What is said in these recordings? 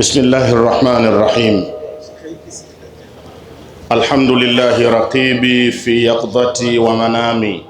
بسم الله الرحمن الرحيم الحمد لله رقيبي في يقظتي ومنامي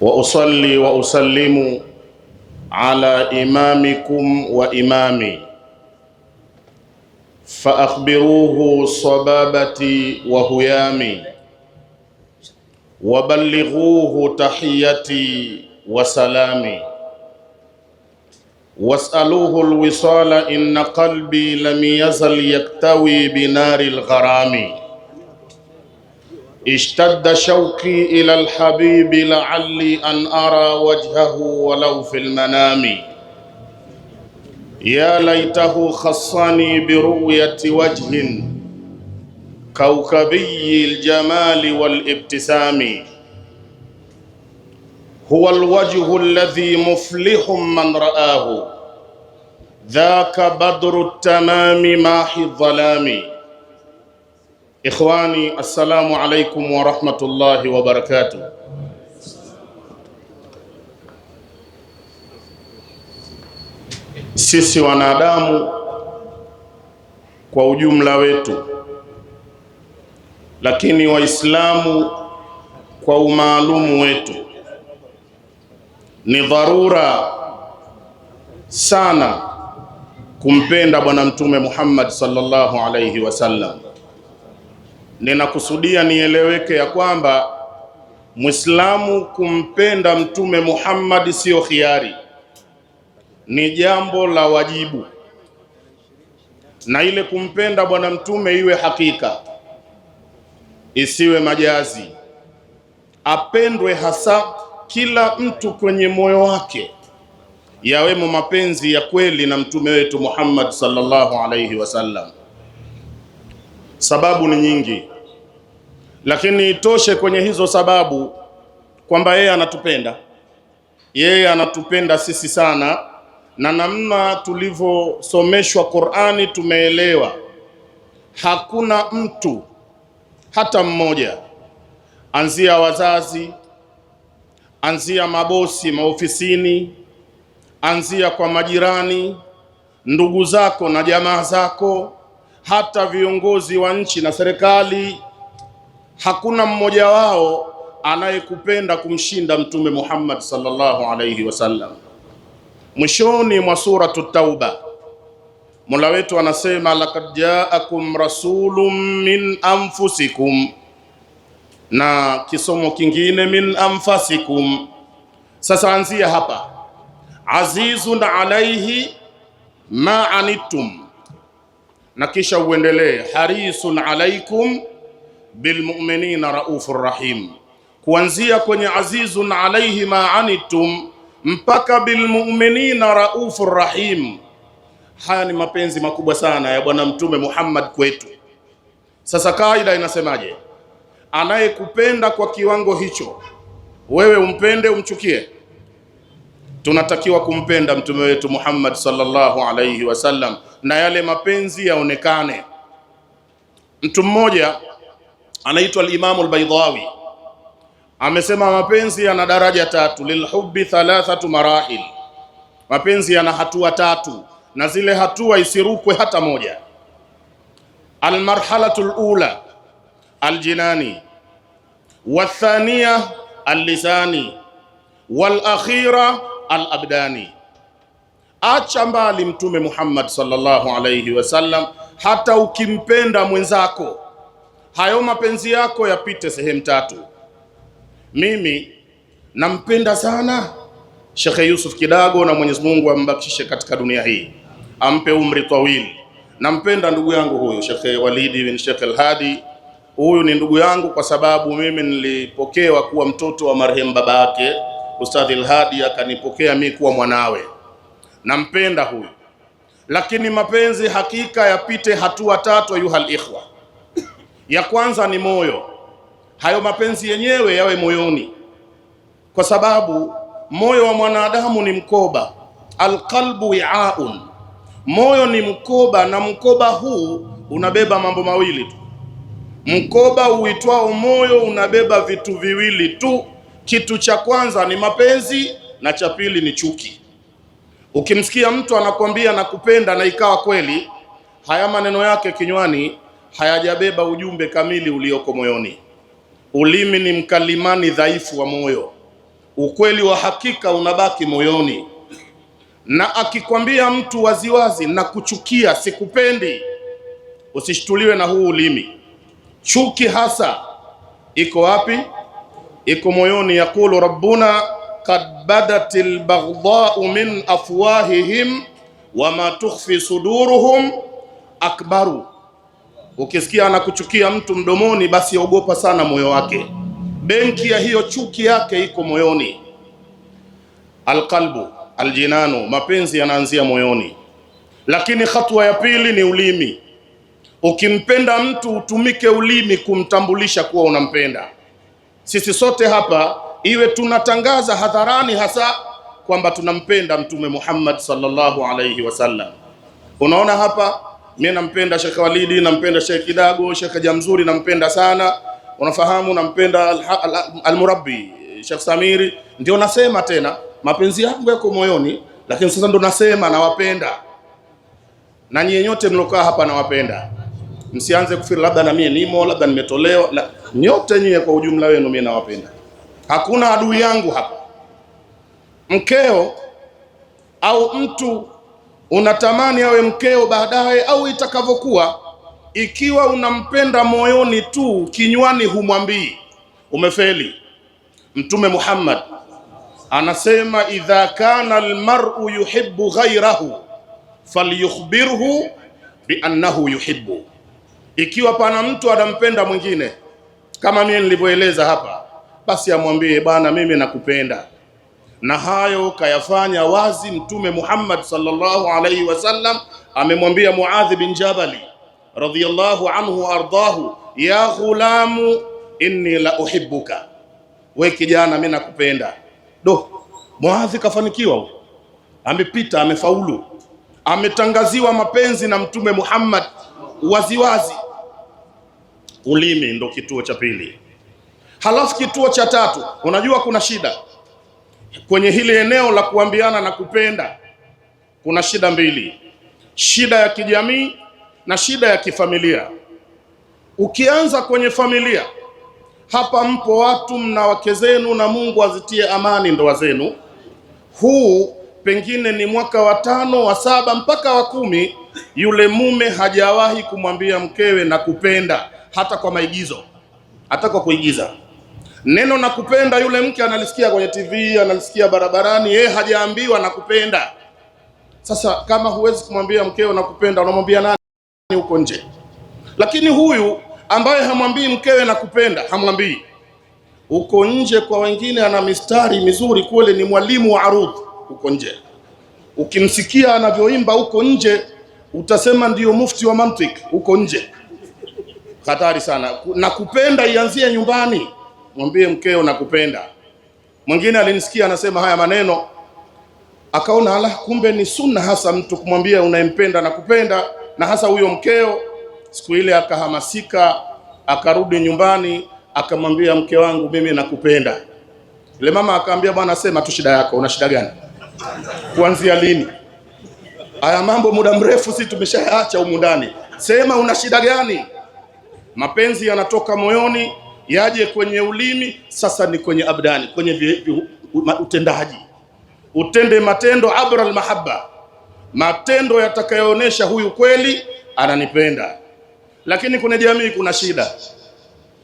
واصلي واسلم على امامكم وامامي فاخبروه صبابتي وهيامي وبلغوه تحيتي وسلامي واسألوه الوصال إن قلبي لم يزل يكتوي بنار الغرام اشتد شوقي إلى الحبيب لعلي أن أرى وجهه ولو في المنام يا ليته خصني برؤية وجه كوكبي الجمال والابتسام huwa alwajhu alladhi muflihu man ra'ahu dhaka badru tamami mahi dhalami. Ikhwani, assalamu alaikum wa rahmatullahi wa barakatuh. Sisi wanadamu kwa ujumla wetu, lakini Waislamu kwa umaalumu wetu ni dharura sana kumpenda Bwana Mtume Muhammad sallallahu alayhi wasallam. Ninakusudia nieleweke ya kwamba Mwislamu kumpenda Mtume Muhammad siyo khiari, ni jambo la wajibu, na ile kumpenda Bwana Mtume iwe hakika, isiwe majazi, apendwe hasa kila mtu kwenye moyo wake yawemo mapenzi ya kweli na mtume wetu Muhammad sallallahu alayhi wasallam. Sababu ni nyingi, lakini itoshe kwenye hizo sababu kwamba yeye anatupenda, yeye anatupenda sisi sana, na namna tulivyosomeshwa Qur'ani tumeelewa hakuna mtu hata mmoja, anzia wazazi anzia mabosi maofisini, anzia kwa majirani, ndugu zako na jamaa zako, hata viongozi wa nchi na serikali. Hakuna mmoja wao anayekupenda kumshinda Mtume Muhammad sallallahu alayhi wasallam. Mwishoni mwa suratu Tauba, Mola wetu anasema, lakad jaakum rasulun min anfusikum na kisomo kingine min anfasikum. Sasa anzia hapa, azizun alaihi ma anittum, na kisha uendelee harisun alaikum bilmuminina raufur rahim, kuanzia kwenye azizun alaihi ma anittum mpaka bilmuminina raufur rahim. Haya ni mapenzi makubwa sana ya Bwana Mtume Muhammad kwetu. Sasa kaida inasemaje? anayekupenda kwa kiwango hicho, wewe umpende umchukie? Tunatakiwa kumpenda mtume wetu Muhammad sallallahu alaihi wasallam na yale mapenzi yaonekane. Mtu mmoja anaitwa al-Imam al-Baydawi amesema mapenzi yana daraja tatu, lilhubbi thalathatu marahil, mapenzi yana hatua tatu na zile hatua isirukwe hata moja. Almarhalatu lula aljinani wathania allisani walakhira alabdani. Acha mbali Mtume Muhammad sallallahu alayhi wasallam. Hata ukimpenda mwenzako, hayo mapenzi yako yapite sehemu tatu. Mimi nampenda sana Shekhe Yusuf Kidago, na Mwenyezi Mungu ambakishe katika dunia hii, ampe umri tawili. Nampenda ndugu yangu huyu Shekhe Walidi bin Shekhe Alhadi huyu ni ndugu yangu kwa sababu mimi nilipokewa kuwa mtoto wa marehemu baba yake Ustadhi ilhadi akanipokea mimi kuwa mwanawe. Nampenda huyu, lakini mapenzi hakika yapite hatua tatu, ayuhal ikhwa. Ya kwanza ni moyo, hayo mapenzi yenyewe yawe moyoni, kwa sababu moyo wa mwanadamu ni mkoba, alqalbu wiaun, moyo ni mkoba, na mkoba huu unabeba mambo mawili tu Mkoba uitwao moyo unabeba vitu viwili tu. Kitu cha kwanza ni mapenzi na cha pili ni chuki. Ukimsikia mtu anakwambia nakupenda na ikawa kweli, haya maneno yake kinywani hayajabeba ujumbe kamili ulioko moyoni. Ulimi ni mkalimani dhaifu wa moyo, ukweli wa hakika unabaki moyoni. Na akikwambia mtu waziwazi nakuchukia, sikupendi, usishtuliwe na huu ulimi Chuki hasa iko wapi? Iko moyoni. Yaqulu rabbuna qad badatil baghdha'u min afwahihim wama tukhfi suduruhum akbaru. Ukisikia anakuchukia mtu mdomoni, basi ogopa sana moyo wake. Benki ya hiyo chuki yake iko moyoni. Alqalbu, aljinanu, mapenzi yanaanzia moyoni, lakini hatua ya pili ni ulimi. Ukimpenda mtu utumike ulimi kumtambulisha kuwa unampenda. Sisi sote hapa, iwe tunatangaza hadharani hasa kwamba tunampenda Mtume Muhammad sallallahu alaihi wasallam. Unaona hapa, mimi nampenda Sheikh Walidi, nampenda Sheikh Kidago, Sheikh Jamzuri nampenda sana, unafahamu, nampenda almurabi al Sheikh Samiri. Ndio nasema tena, mapenzi yangu yako moyoni, lakini sasa ndo nasema nawapenda, na nyinyi nyote mlokaa hapa nawapenda msianze kufikiri labda na mimi nimo, labda nimetolewa. La, nyote nyie kwa ujumla wenu mimi nawapenda, hakuna adui yangu hapa. Mkeo au mtu unatamani awe mkeo baadaye au itakavyokuwa, ikiwa unampenda moyoni tu, kinywani humwambii, umefeli. Mtume Muhammad anasema idha kana almar'u yuhibbu ghayrahu falyukhbirhu biannahu yuhibbu ikiwa pana mtu anampenda mwingine kama mimi nilivyoeleza hapa, basi amwambie bwana, mimi nakupenda. Na hayo kayafanya wazi Mtume Muhammad sallallahu alaihi wasallam, amemwambia Muadhi bin Jabali radhiyallahu anhu ardahu, ya ghulamu inni la uhibbuka, we kijana, mimi nakupenda. Do, Muadhi kafanikiwa, amepita, amefaulu, ametangaziwa mapenzi na Mtume Muhammad waziwazi wazi. Ulimi ndo kituo cha pili. Halafu kituo cha tatu, unajua kuna shida kwenye hili eneo la kuambiana na kupenda. Kuna shida mbili, shida ya kijamii na shida ya kifamilia. Ukianza kwenye familia, hapa mpo watu mna wake zenu, na Mungu azitie amani ndoa zenu. Huu pengine ni mwaka wa tano wa saba mpaka wa kumi, yule mume hajawahi kumwambia mkewe na kupenda hata kwa maigizo, hata kwa kuigiza. Neno nakupenda, yule mke analisikia kwenye TV, analisikia barabarani, yeye hajaambiwa nakupenda. Sasa kama huwezi kumwambia mkeo nakupenda, unamwambia nani huko nje? Lakini huyu ambaye hamwambii mkewe nakupenda, hamwambii huko nje, kwa wengine ana mistari mizuri kule, ni mwalimu wa arudhi huko nje. Ukimsikia anavyoimba huko nje, utasema ndiyo mufti wa mantiki huko nje hatari sana. Nakupenda ianzie nyumbani, mwambie mkeo nakupenda. Mwingine alinisikia anasema haya maneno akaona, ala, kumbe ni sunna hasa mtu kumwambia unayempenda nakupenda, na hasa huyo mkeo. Siku ile akahamasika, akarudi nyumbani, akamwambia mke wangu, mimi nakupenda. Yule mama akaambia, bwana, sema tu shida yako, una shida gani? Kuanzia lini haya mambo? Muda mrefu si tumeshayaacha humu ndani, sema una shida gani? Mapenzi yanatoka moyoni yaje kwenye ulimi, sasa ni kwenye abdani, kwenye vi, vi, utendaji, utende matendo abra almahabba, matendo yatakayoonyesha huyu kweli ananipenda. Lakini kwenye jamii kuna shida,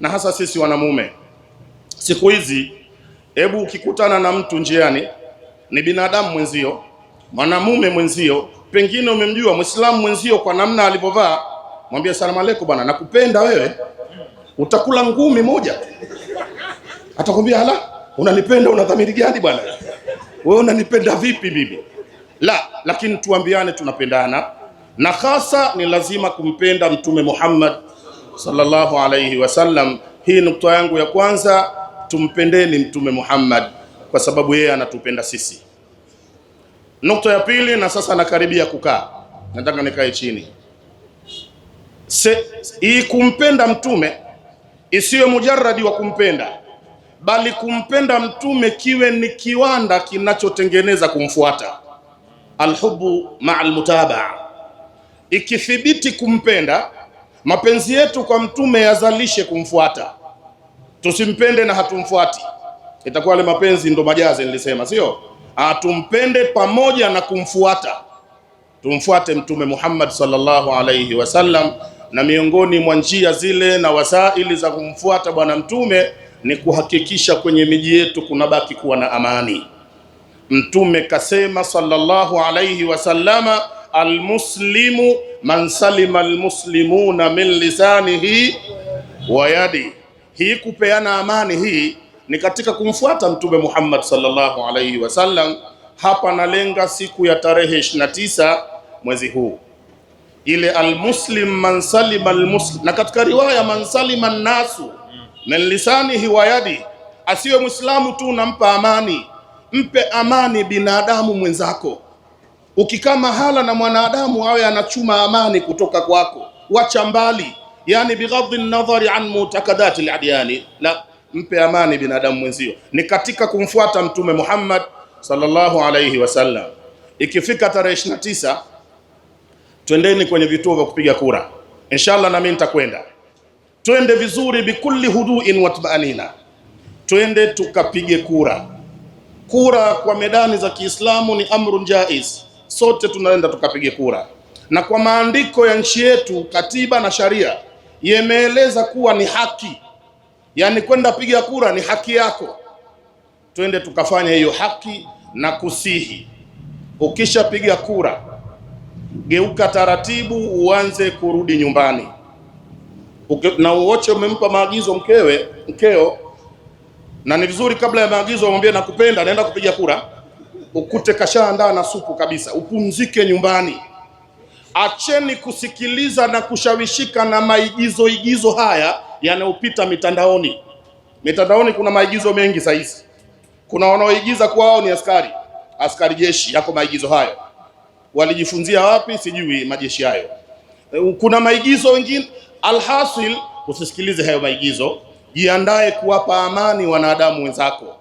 na hasa sisi wanamume siku hizi. Hebu ukikutana na mtu njiani, ni binadamu mwenzio, mwanamume mwenzio, pengine umemjua Muislamu mwenzio kwa namna alivyovaa mwambie salamu aleikum bwana, nakupenda wewe, utakula ngumi moja. Atakwambia hala, unanipenda unadhamiri gani bwana? Wewe unanipenda vipi mimi? La, lakini tuambiane tunapendana, na hasa ni lazima kumpenda Mtume Muhammad sallallahu alayhi wasallam. Hii nukta yangu ya kwanza, tumpendeni Mtume Muhammad kwa sababu yeye anatupenda sisi. Nukta ya pili, na sasa nakaribia kukaa, nataka nikae chini hii kumpenda mtume isiyo mujarradi wa kumpenda, bali kumpenda mtume kiwe ni kiwanda kinachotengeneza kumfuata. Alhubu maa almutabaa. Ikithibiti kumpenda, mapenzi yetu kwa mtume yazalishe kumfuata. Tusimpende na hatumfuati, itakuwa ile mapenzi ndo majazi. Nilisema sio, tumpende pamoja na kumfuata, tumfuate Mtume Muhammad sallallahu alayhi wasallam na miongoni mwa njia zile na wasaili za kumfuata Bwana Mtume ni kuhakikisha kwenye miji yetu kunabaki kuwa na amani. Mtume kasema sallallahu alayhi wasallama, almuslimu man salima almuslimuna min lisanihi wa yadi. Hii kupeana amani hii ni katika kumfuata Mtume Muhammad sallallahu alayhi wasallam. Hapa nalenga siku ya tarehe 29 mwezi huu ile almuslim man salima almuslim, na katika riwaya man salima nnasu hmm. min lisanihi wa yadi, asiwe mwislamu tu nampa amani, mpe amani binadamu mwenzako. Ukikaa mahala na mwanadamu awe anachuma amani kutoka kwako, wacha mbali, yani bighadhi nadhari an mutakadati aladiyani, la mpe amani binadamu mwenzio. Ni katika kumfuata Mtume Muhammad sallallahu alayhi wasallam. Ikifika tarehe 29 twendeni kwenye vituo vya kupiga kura, inshallah nami nitakwenda. Twende vizuri, bikulli huduin watmaanina, twende tukapige kura. Kura kwa medani za Kiislamu ni amrun jaiz, sote tunaenda tukapige kura, na kwa maandiko ya nchi yetu, katiba na sharia yemeeleza kuwa ni haki, yaani kwenda piga kura ni haki yako. Twende tukafanya hiyo haki na kusihi, ukishapiga kura geuka taratibu, uanze kurudi nyumbani Uke, na uoche umempa maagizo mkewe mkeo, na ni vizuri kabla ya maagizo amwambie nakupenda, naenda kupiga kura, ukute kashaandaa na supu kabisa, upumzike nyumbani. Acheni kusikiliza na kushawishika na maigizo igizo haya yanayopita mitandaoni. Mitandaoni kuna maigizo mengi saizi, kuna wanaoigiza kuwa wao ni askari askari jeshi, yako maigizo hayo walijifunzia wapi? Sijui majeshi hayo. E, kuna maigizo wengine. Alhasil, usisikilize hayo maigizo, jiandae kuwapa amani wanadamu wenzako.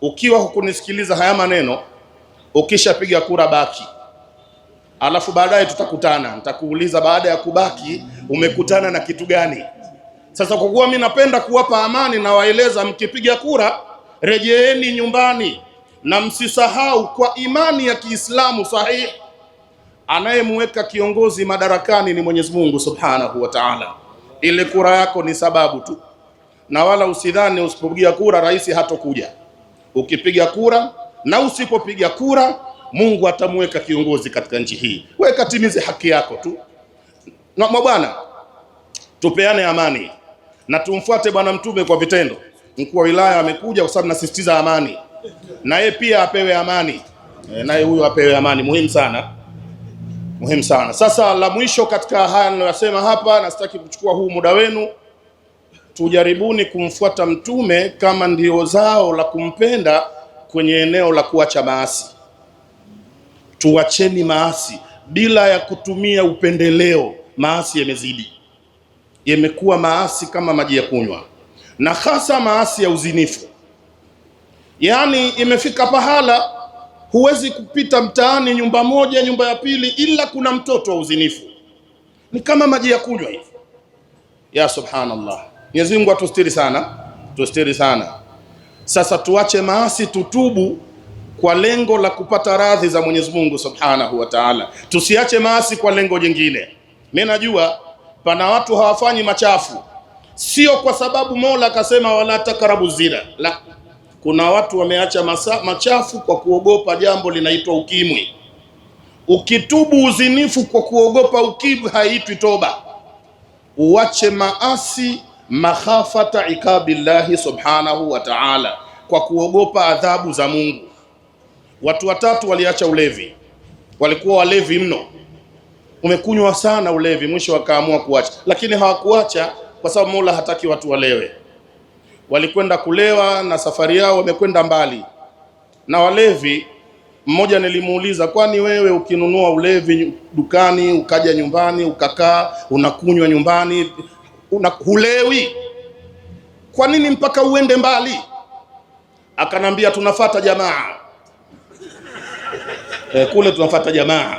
Ukiwa hukunisikiliza haya maneno, ukishapiga kura baki, alafu baadaye tutakutana, nitakuuliza baada ya kubaki umekutana na kitu gani? Sasa kwa kuwa mimi napenda kuwapa amani, nawaeleza mkipiga kura rejeeni nyumbani, na msisahau kwa imani ya Kiislamu sahihi anayemweka kiongozi madarakani ni Mwenyezi Mungu Subhanahu wa Ta'ala. Ile kura yako ni sababu tu, na wala usidhani usipopiga kura rais hatokuja. Ukipiga kura na usipopiga kura, Mungu atamweka kiongozi katika nchi hii. Wewe katimize haki yako tu. Na mabwana, tupeane amani na tumfuate Bwana Mtume kwa vitendo. Mkuu wa wilaya amekuja kwa sababu nasisitiza amani, na yeye pia apewe amani, eh, naye huyo apewe amani, muhimu sana muhimu sana. Sasa la mwisho katika haya ninayosema hapa, na sitaki kuchukua huu muda wenu, tujaribuni kumfuata Mtume kama ndio zao la kumpenda kwenye eneo la kuacha maasi. Tuacheni maasi bila ya kutumia upendeleo. Maasi yamezidi, yamekuwa maasi kama maji ya kunywa, na hasa maasi ya uzinifu, yaani imefika pahala Huwezi kupita mtaani nyumba moja nyumba ya pili, ila kuna mtoto wa uzinifu. Ni kama maji ya kunywa hivi. Ya subhanallah, Mwenyezi Mungu atustiri sana, tustiri sana. Sasa tuache maasi, tutubu kwa lengo la kupata radhi za Mwenyezi Mungu subhanahu wa taala. Tusiache maasi kwa lengo jingine. Mimi najua pana watu hawafanyi machafu, sio kwa sababu Mola akasema wala takarabu zina la kuna watu wameacha masa, machafu kwa kuogopa jambo linaitwa ukimwi. Ukitubu uzinifu kwa kuogopa ukimwi haitwi toba. Uwache maasi makhafata ikabillahi subhanahu wa ta'ala, kwa kuogopa adhabu za Mungu. Watu watatu waliacha ulevi, walikuwa walevi mno, umekunywa sana ulevi, mwisho wakaamua kuacha, lakini hawakuacha kwa sababu Mola hataki watu walewe walikwenda kulewa na safari yao wamekwenda mbali. Na walevi, mmoja nilimuuliza, kwani wewe ukinunua ulevi dukani ukaja nyumbani ukakaa unakunywa nyumbani hulewi? Kwa nini mpaka uende mbali? Akanambia tunafata jamaa e, kule tunafata jamaa.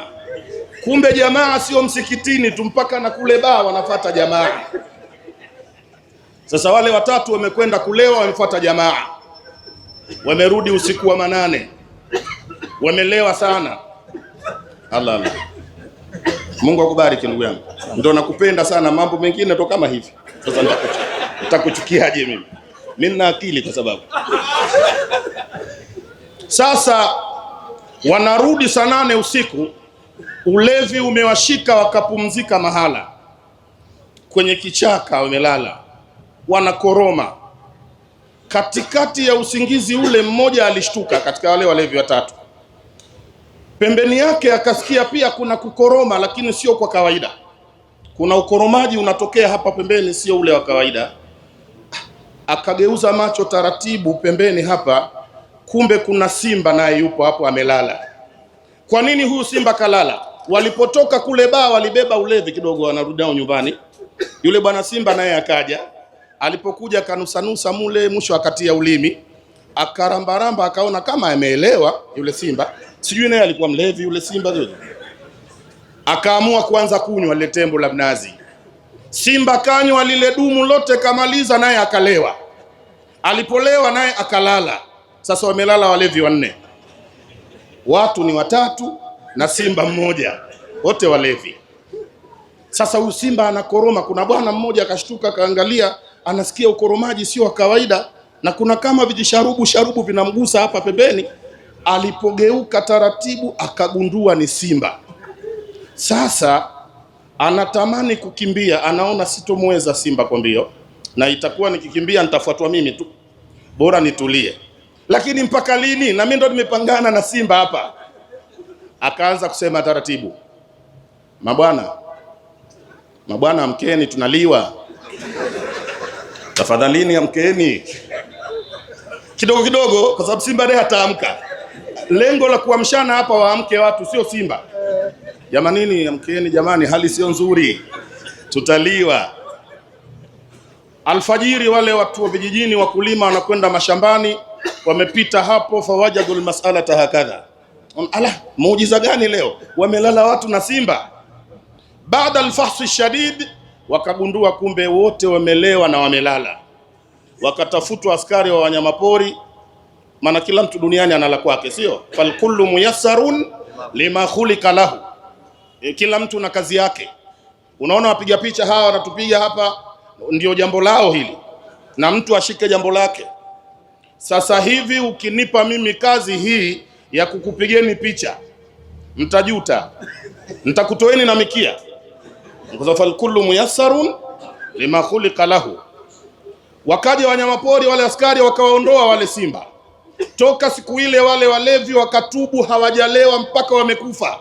Kumbe jamaa sio msikitini tu, mpaka na kule baa wanafata jamaa. Sasa wale watatu wamekwenda kulewa, wamefuata jamaa, wamerudi usiku wa manane, wamelewa sana. Allah Allah, Mungu akubariki ndugu yangu, ndio nakupenda sana. Mambo mengine to kama hivi sasa nitakuchukiaje mimi? Mimi nina akili kwa sababu sasa wanarudi saa nane usiku, ulevi umewashika, wakapumzika mahala kwenye kichaka, wamelala wanakoroma katikati ya usingizi ule, mmoja alishtuka katika wale walevi watatu. Pembeni yake akasikia pia kuna kukoroma, lakini sio kwa kawaida. Kuna ukoromaji unatokea hapa pembeni, sio ule wa kawaida. Akageuza macho taratibu pembeni hapa, kumbe kuna simba naye yupo hapo amelala. Kwa nini huyu simba kalala? Walipotoka kule baa walibeba ulevi kidogo, wanarudi nao nyumbani. Yule bwana simba naye akaja Alipokuja kanusanusa mule, mwisho akatia ulimi, akarambaramba, akaona kama ameelewa yule simba. Sijui naye alikuwa mlevi yule simba yule, akaamua kuanza kunywa lile tembo la mnazi. Simba kanywa lile dumu lote, kamaliza, naye akalewa. Alipolewa naye akalala. Sasa wamelala walevi wanne, watu ni watatu na simba mmoja, wote walevi. Sasa huyu simba anakoroma. Kuna bwana mmoja akashtuka, akaangalia anasikia ukoromaji sio wa kawaida, na kuna kama vijisharubu sharubu vinamgusa hapa pembeni. Alipogeuka taratibu, akagundua ni simba. Sasa anatamani kukimbia, anaona sitomweza simba kwa mbio, na itakuwa nikikimbia nitafuatwa mimi tu, bora nitulie. Lakini mpaka lini? Na mimi ndo nimepangana na simba hapa. Akaanza kusema taratibu, mabwana, mabwana, amkeni, tunaliwa tafadhalini amkeni kidogo kidogo, kwa sababu Simba naye hataamka. Lengo la kuamshana hapa waamke watu, sio Simba. Jamanini, amkeni jamani, hali sio nzuri, tutaliwa alfajiri. Wale watu wa vijijini, wakulima wanakwenda mashambani, wamepita hapo, fawajadul masalata hakadha. Ala, muujiza gani leo? Wamelala watu na Simba baada alfahsi shadid wakagundua kumbe wote wamelewa na wamelala. Wakatafutwa askari wa wanyamapori, maana kila mtu duniani anala kwake, sio? falkullu muyassarun lima khulika lahu, e, kila mtu na kazi yake. Unaona, wapiga picha hawa wanatupiga hapa, ndio jambo lao hili, na mtu ashike jambo lake. Sasa hivi ukinipa mimi kazi hii ya kukupigeni picha, mtajuta, ntakutoeni na mikia kwa sababu kullu muyassarun lima khuliqa lahu. Wakaja wanyamapori wale askari wakawaondoa wale simba. Toka siku ile wale walevi wakatubu, hawajalewa mpaka wamekufa,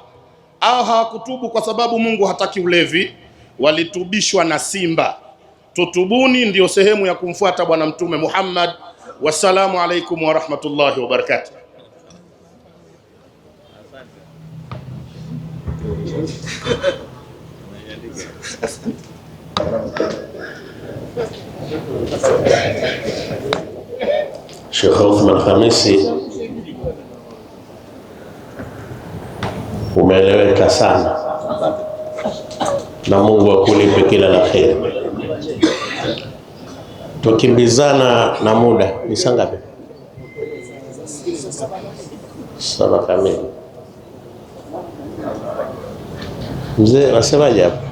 au hawakutubu kwa sababu Mungu hataki ulevi, walitubishwa na simba. Tutubuni ndiyo sehemu ya kumfuata Bwana Mtume Muhammad. Wassalamu alaikum warahmatullahi wabarakatuh. Sheikh Othman khamisi umeeleweka sana na Mungu akulipe kila la kheri. Tukimbizana na muda, ni saa ngapi? Saba kamili. Mzee wasemaje hapo?